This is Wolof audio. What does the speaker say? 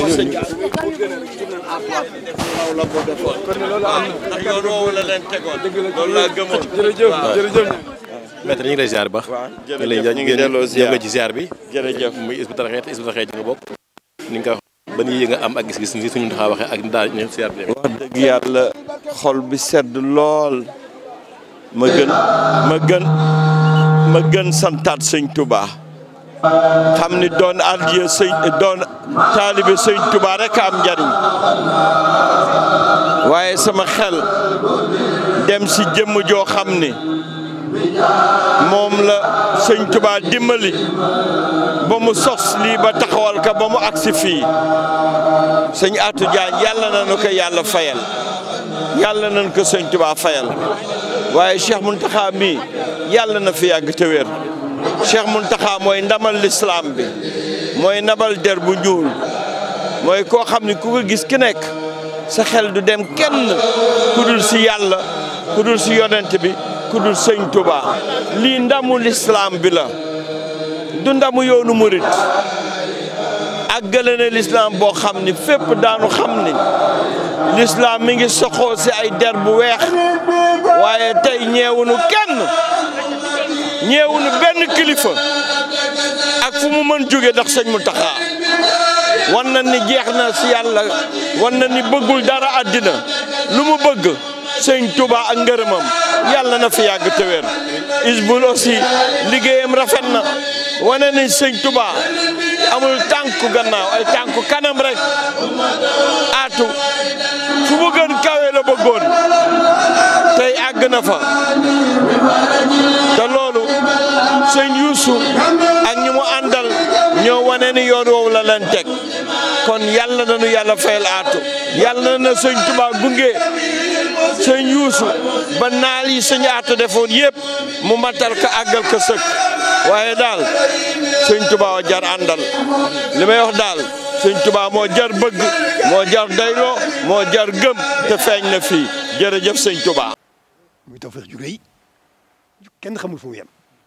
jërëjëf maître ñu ngi lay ziar bu baax. ñu ngi delloo ziar ci ziar bi. jërëjëf muy Hizbut Tarqiyyah te Hizbut Tarqiyyah nga bokk. ni nga ko wax ban nga am ak gis-gis ni suñu taxaw waxee ak daal ñu ziar bi. wax dëgg yàlla xol bi sedd lool ma gën ma gën santaat sëñ Touba. xam ni doon addiya sëñ doon taalibe sëñ Tuubaa rek am njariñ waaye sama xel dem si jëmm joo xam ni moom la sëñ tubaa dimbali ba mu sos lii ba taxawal ka ba mu agsi fii sëñ Atou Diagne yàlla nañu ko yàlla fayal yàlla nañ ko sëñ Tuubaa fayal waaye Cheikh Mountakha mii yàlla na fi yàgg te wér Cheikh Mountakha mooy ndamal lislaam bi mooy nabal der bu ñuul mooy koo xam ni ku ko gis ki nekk sa xel du dem kenn ku dul si yàlla ku dul si yonent bi ku dul sëñ Tuubaa lii ndamu lislaam bi la du ndamu yoonu murit àggale na lislaam boo xam ni fépp daanu xam ni lislaam mi ngi soxoo si ay der bu weex waaye tey ñeewunu kenn ñeewuñu benn kilifa ak fu mu mën jóge ndax sëñ Muntaxa wan na ni jeex na si yàlla wan na ni bëggul dara àddina lu mu bëgg sëñ Touba ak ngërëmam yàlla na fi yàgg te wér aussi liggéeyam rafet na wane ni sëñ Touba amul tànku gannaaw ay tànku kanam rek aatu fu mu gën la bëggoon tey àgg na fa te loolu sëñ Yuusuf ak ñu mu àndal ñoo wane ni yoon woowu la leen teg kon yàlla na nu yàlla fayal aatu yàlla na sëñ Tuubaa gunge sëñ Yuusuf ba naal yi sëñ aatu defoon yëpp mu matal ko àggal ko sëkk waaye daal sëñ Tuubaa jar àndal li may wax daal sëñ Tuubaa moo jar bëgg moo jar dayloo moo jar gëm te feeñ na fii jërëjëf sëñ Tuubaa muy tawfeex fu mu